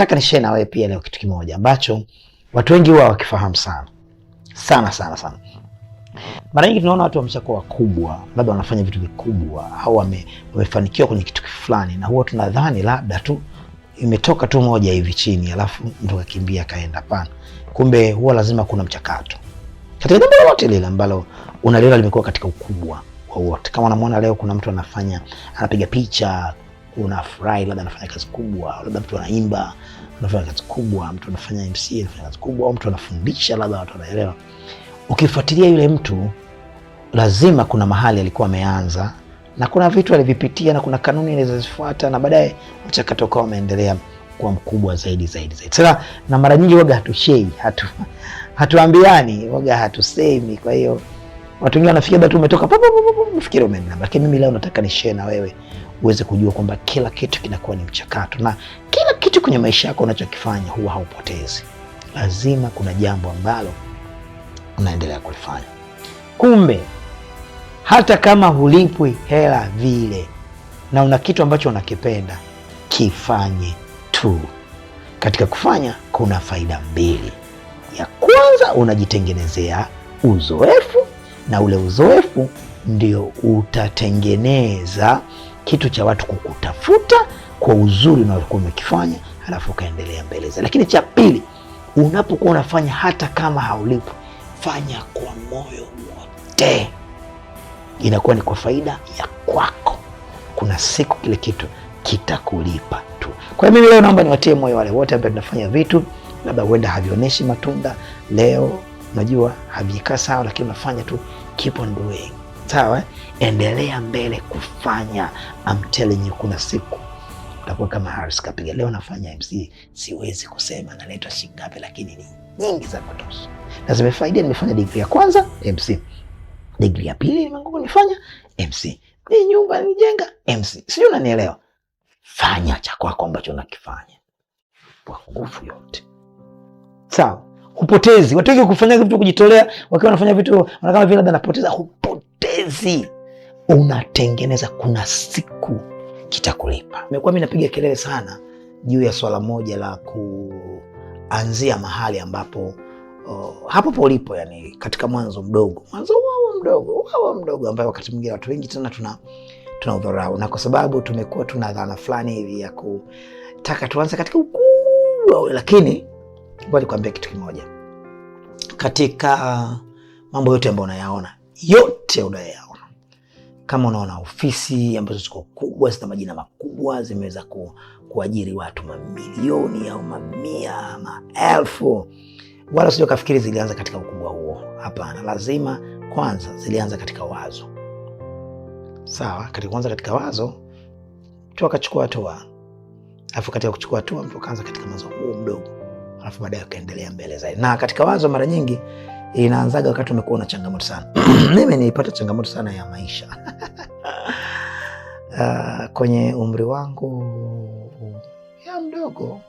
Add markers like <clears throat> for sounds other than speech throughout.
nataka ni share na wewe pia leo kitu kimoja ambacho watu wengi huwa wakifahamu sana sana sana sana. Mara nyingi tunaona watu wameshakuwa wakubwa, labda wanafanya vitu vikubwa au wame, wamefanikiwa kwenye kitu fulani, na huwa tunadhani labda tu imetoka tu moja hivi chini, alafu mtu akakimbia akaenda. Pana kumbe huwa lazima kuna mchakato katika jambo lolote lile ambalo unaliona limekuwa katika ukubwa wowote. Kama unamwona leo kuna mtu anafanya anapiga picha unafurahi, labda anafanya kazi kubwa, labda mtu anaimba anafanya kazi kubwa, mtu anafanya MC anafanya kazi kubwa, au mtu anafundisha, labda watu wanaelewa. Ukifuatilia yule mtu, lazima kuna mahali alikuwa ameanza na kuna vitu alivipitia na kuna kanuni alizozifuata, na baadaye mchakato ukawa umeendelea kuwa mkubwa zaidi zaidi zaidi. Sasa na mara nyingi waga hatushei hatu hatuambiani waga hatusemi, kwa hiyo watu wengine wanafikia tu umetoka, mfikiri umeenda, lakini mimi leo nataka ni share na wewe uweze kujua kwamba kila kitu kinakuwa ni mchakato, na kila kitu kwenye maisha yako unachokifanya huwa haupotezi. Lazima kuna jambo ambalo unaendelea kulifanya. Kumbe hata kama hulipwi hela vile, na una kitu ambacho unakipenda, kifanye tu. Katika kufanya kuna faida mbili. Ya kwanza, unajitengenezea uzoefu, na ule uzoefu ndio utatengeneza kitu cha watu kukutafuta kwa uzuri unaokuwa umekifanya, alafu ukaendelea mbele. Lakini cha pili, unapokuwa unafanya hata kama haulipo, fanya kwa moyo wote, inakuwa ni kwa faida ya kwako. Kuna siku kile kitu kitakulipa tu. Kwa hiyo mimi leo naomba niwatie moyo wale wote ambao tunafanya vitu labda huenda havionyeshi matunda leo, unajua havikaa sawa, lakini unafanya tu, keep on doing sawa. Endelea mbele kufanya. I'm telling you, kuna siku utakuwa kama Harris Kapiga. Leo nafanya MC, siwezi kusema naletwa shilingi ngapi, lakini ni nyingi za kutosha, na zimefaidia. Nimefanya degree ya kwanza MC, degree ya pili nimeanguka, nifanya MC, ni nyumba nijenga MC, sijui unanielewa. Fanya cha kwako ambacho unakifanya kwa nguvu yote, sawa. Hupotezi, watu wengi kufanya vitu kujitolea, wakiwa wanafanya vitu wanakama vile labda napoteza, hupotezi malezi unatengeneza, kuna siku kitakulipa. Nimekuwa mimi napiga kelele sana juu ya swala moja la kuanzia mahali ambapo uh, hapo polipo, yani katika mwanzo mdogo, mwanzo wao mdogo, wao mdogo, ambayo wakati mwingine watu wengi tena tuna tuna udharau, na kwa sababu tumekuwa tuna dhana fulani hivi ya kutaka tuanze katika ukubwa, lakini ngoja nikwambie kitu kimoja katika uh, mambo yote ambayo unayaona yote unayoyaona. Kama unaona ofisi ambazo ziko kubwa, zina majina makubwa, zimeweza ku, kuajiri watu mamilioni au mamia maelfu, wala usije kafikiri zilianza katika ukubwa huo. Hapana, lazima kwanza zilianza katika wazo. Sawa, katika kwanza katika wazo mtu akachukua hatua, alafu katika kuchukua hatua mtu akaanza katika mwanzo huo mdogo, alafu baadaye akaendelea mbele zaidi. Na katika wazo mara nyingi inaanzaga wakati umekuwa na changamoto sana. <clears throat> Mimi nilipata changamoto sana ya maisha uh, <laughs> kwenye umri wangu ya mdogo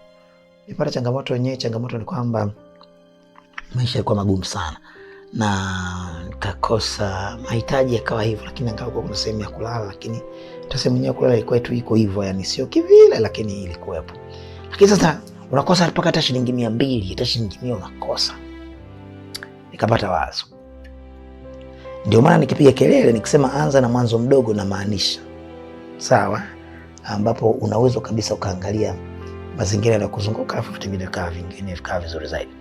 nilipata changamoto yenyewe. Changamoto ni kwamba maisha yalikuwa magumu sana na nikakosa mahitaji yakawa hivyo, lakini angalau kuna sehemu ya kulala, lakini sehemu yenyewe kulala ilikuwa tu iko hivyo, yani sio kivile, lakini ilikuwepo. Lakini sasa unakosa mpaka hata shilingi mia mbili hata shilingi mia unakosa nikapata wazo. Ndio maana nikipiga kelele nikisema anza na mwanzo mdogo, namaanisha sawa, ambapo unaweza kabisa ukaangalia mazingira yanayokuzunguka afu vitu vingine vikaa vingine vikaa vizuri zaidi.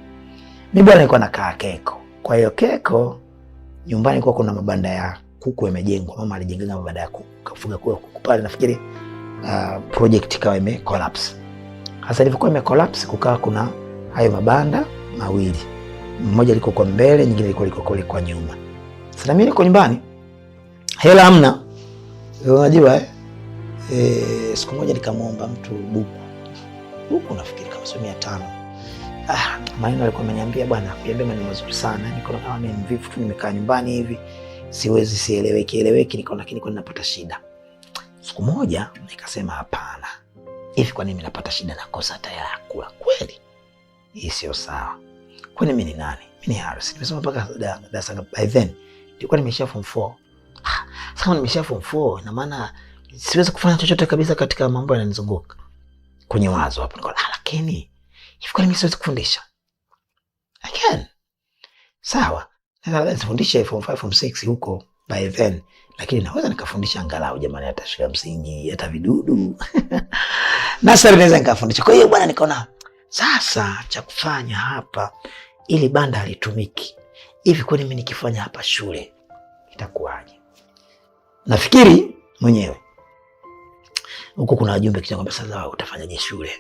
Mi bwana nilikuwa nakaa Keko. Kwa hiyo Keko nyumbani kwa kuna mabanda ya kuku yamejengwa, mama alijenga mabanda ya kuku, kafuga kuku pale. Nafikiri uh, project ikawa ime collapse. Hasa ilivyokuwa ime collapse, kukaa kuna hayo mabanda mawili mmoja liko kwa mbele, nyingine liko liko kule kwa nyuma. Sasa mimi niko nyumbani, hela hamna, eh, unajua eh? E, siku moja nikamwomba mtu buku buku, nafikiri kama sio mia tano. Ah, maneno alikuwa ameniambia bwana, kuambia maneno mazuri sana. Niko kama mimi mvivu tu, nimekaa nyumbani hivi, siwezi sieleweki eleweki, niko lakini niko ninapata shida. Siku moja nikasema hapana, hivi kwa nini napata shida na kosa hata ya kula? Kweli hii sio sawa. Kwani mimi ni nani? Mimi ni Harris. Nimesoma mpaka darasa by then nilikuwa nimeshia form 4. Ah, sasa nimeshia form 4 na maana siwezi kufanya chochote kabisa katika mambo yananizunguka. Kwenye wazo hapo nikaona, ah, lakini hivi kwani mimi siwezi kufundisha? Again. Sawa. Naweza nifundishe form 5 form 6 huko by then, lakini naweza nikafundisha angalau jamani, hata shule ya msingi, hata vidudu. <laughs> Nasari naweza nikafundisha. Kwa hiyo bwana, nikaona sasa cha kufanya hapa, ili banda halitumiki hivi. Kwani mimi nikifanya hapa shule itakuwaje? Nafikiri mwenyewe huko kuna wajumbe kisha kwamba sasa utafanyaje shule?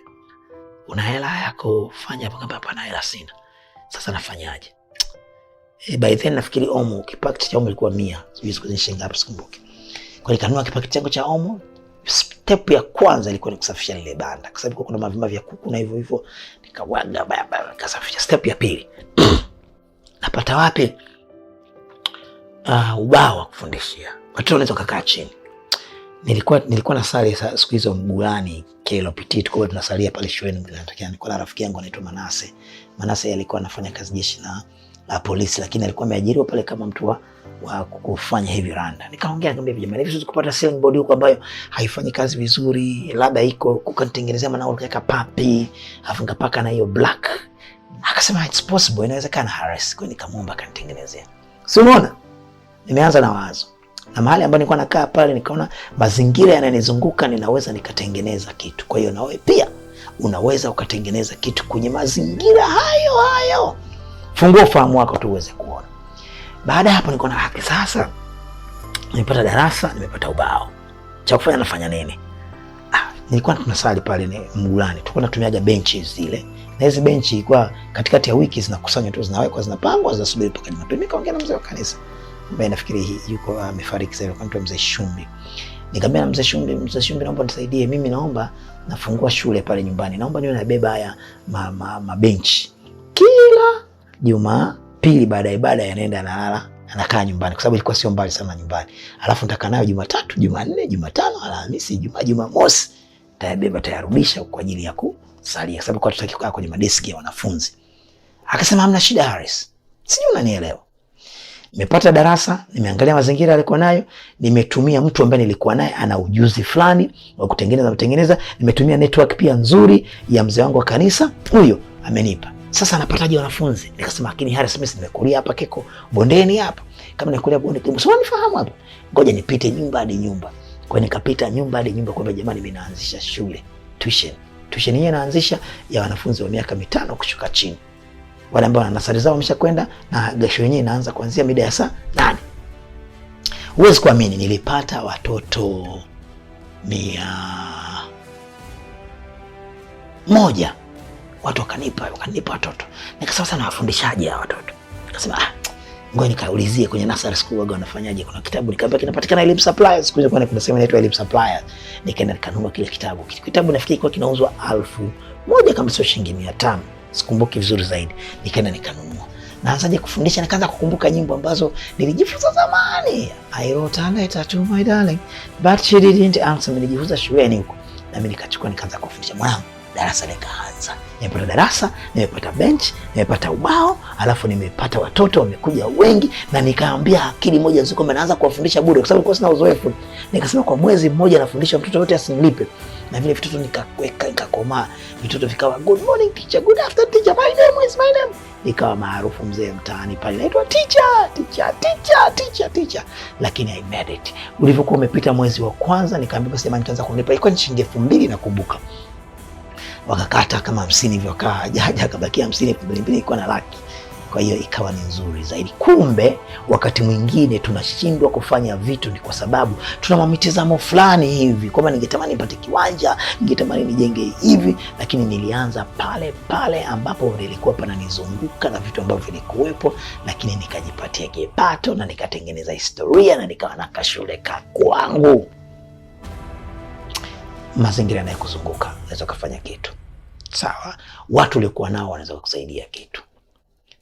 Una hela yako fanya hapo, kama hapana hela sina. Sasa nafanyaje? E, by then nafikiri omo kipakiti cha omo ilikuwa 100, sijui siku shilingi sikumbuki. Kwa hiyo kanunua kipakiti changu cha omo step ya kwanza ilikuwa ni kusafisha lile banda, kwa sababu kuna mavima vya kuku na hivyo hivyo, nikawaga baba, nikasafisha. Step ya pili <clears throat> napata wapi? Uh, ubao wa kufundishia watoto wanaweza kukaa chini. Nilikuwa nilikuwa na sali siku hizo mgulani kelo Pitit, kwa tunasalia pale shuleni, nilikuwa na rafiki yangu anaitwa Manase. Manase alikuwa anafanya kazi jeshi na la polisi, lakini alikuwa ameajiriwa pale kama mtu wa wa kufanya hivi randa. Nikaongea nikamwambia vijana, hivi siwezi kupata selling board huko ambayo haifanyi kazi vizuri, labda iko kukanitengenezea manao ukaweka papi, afu ngapaka na hiyo black. Akasema it's possible, inawezekana Harris. Kwa nikamwomba kanitengenezea. Si unaona? Nimeanza na wazo. Na mahali ambapo nilikuwa nakaa pale nikaona mazingira yananizunguka ninaweza nikatengeneza kitu. Kwa hiyo na wewe pia unaweza ukatengeneza kitu kwenye mazingira hayo hayo. Fungua ufahamu wako tu uweze kuona. Baada ya hapo niko na haki sasa, nimepata darasa, nimepata ubao, cha kufanya nafanya nini? Ah, nilikuwa tunasali pale ni mgulani, tulikuwa tunatumiaga benchi zile, na hizi benchi kwa katikati ya wiki zinakusanywa tu, zinawekwa, zinapangwa, zinasubiri mpaka Jumapili. Nikaongea na mzee wa kanisa ambaye nafikiri hii yuko ah, amefariki sasa, kwa mtu mzee Shumbi. Nikamwambia mzee Shumbi, mzee Shumbi, naomba nisaidie, mimi naomba nafungua shule pale nyumbani, naomba niwe nabeba haya mabenchi ma, ma Jumapili baada ya ibada yanaenda analala, anakaa nyumbani kwa sababu ilikuwa sio mbali sana nyumbani. Alafu nitakaa nayo Jumatatu, Jumanne, Jumatano, Alhamisi, Ijumaa, Jumamosi tayabeba tayarudisha kwa ajili ya kusalia kwa sababu kwa tutaki kukaa kwenye madeski ya wanafunzi. Akasema hamna shida Harris. Sijui unanielewa. Nimepata darasa, nimeangalia mazingira alikuwa nayo, nimetumia mtu ambaye nilikuwa naye ana ujuzi fulani wa kutengeneza kutengeneza, nimetumia network pia nzuri ya mzee wangu wa kanisa, huyo amenipa sasa anapataje wanafunzi? Nikasema lakini Harris, mimi nimekulia hapa Keko bondeni hapa, kama nikulia bondeni Kimbo, sio nifahamu hapa, ngoja nipite nyumba hadi nyumba. Kwa hiyo nikapita nyumba hadi nyumba, kwa jamani, mimi naanzisha shule tuition. Tuition yenyewe naanzisha ya wanafunzi wa miaka mitano kushuka chini, wale ambao na nasari zao wameshakwenda, na gesho yenyewe inaanza kuanzia mida ya saa nane. Huwezi kuamini, nilipata watoto mia moja watu wakanipa wakanipa watoto, nikasema sana, wafundishaje hawa watoto? Nikasema ah, ngoja nikaulizie kwenye nursery school waga wanafanyaje. Kuna kitabu nikaambia kinapatikana Elimu Supplies, kuja kwani kuna sehemu inaitwa Elimu Supplies. Nikaenda nikanunua kile kitabu, kitabu nafikiri kwa kinauzwa elfu moja kama sio shilingi mia tano sikumbuki vizuri zaidi. Nikaenda nikanunua naanzaje kufundisha, nikaanza kukumbuka nyimbo ambazo nilijifunza zamani. I wrote a letter to my darling but she didn't answer, nilijifunza shuleni huko, nami nikachukua nikaanza kufundisha mwanangu darasa likaanza. Nimepata darasa, nimepata bench, nimepata ubao, alafu nimepata watoto wamekuja wengi, na nikaambia akili moja nzuri kwamba naanza kuwafundisha bure, kwa sababu nilikuwa sina uzoefu. Nikasema kwa mwezi mmoja nafundisha mtoto wote asinilipe, na vile vitoto nikakweka, nikakomaa, vitoto vikawa good morning teacher, good afternoon teacher, my name is my name nikawa maarufu mzee mtaani pale, naitwa teacher teacher teacher teacher teacher, lakini I made it. Ulivyokuwa umepita mwezi wa kwanza, nikaambia basi, jamani, nitaanza kulipa. Ilikuwa ni shilingi elfu mbili nakumbuka wakakata kama hamsini hivyo, akawa akabakia hamsini, elfu mbili na laki. Kwa hiyo ikawa ni nzuri zaidi. Kumbe wakati mwingine tunashindwa kufanya vitu ni kwa sababu tuna mitazamo fulani hivi kwamba ningetamani nipate kiwanja, ningetamani nijenge hivi, lakini nilianza pale pale ambapo nilikuwa pananizunguka na vitu ambavyo vilikuwepo, lakini nikajipatia kipato na nikatengeneza historia na nikawa na kashule ka kwangu mazingira yanayokuzunguka, unaweza ukafanya kitu sawa, watu uliokuwa nao wanaweza kukusaidia kitu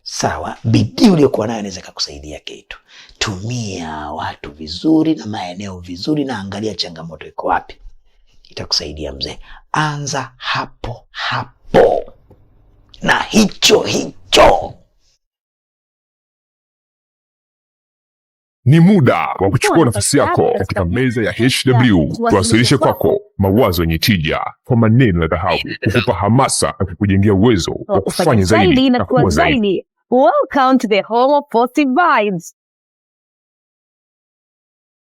sawa, bidii uliokuwa nayo inaweza kukusaidia kitu. Tumia watu vizuri na maeneo vizuri, na angalia changamoto iko wapi, itakusaidia mzee. Anza hapo hapo na hicho hicho. Ni muda wa kuchukua nafasi yako katika meza ya HW, tuwasilishe kwako mawazo yenye tija, kwa maneno ya dhahabu, <laughs> kukupa hamasa na kukujengea uwezo wa kufanya zaidi na kuwa zaidi. Welcome to the home of positive vibes.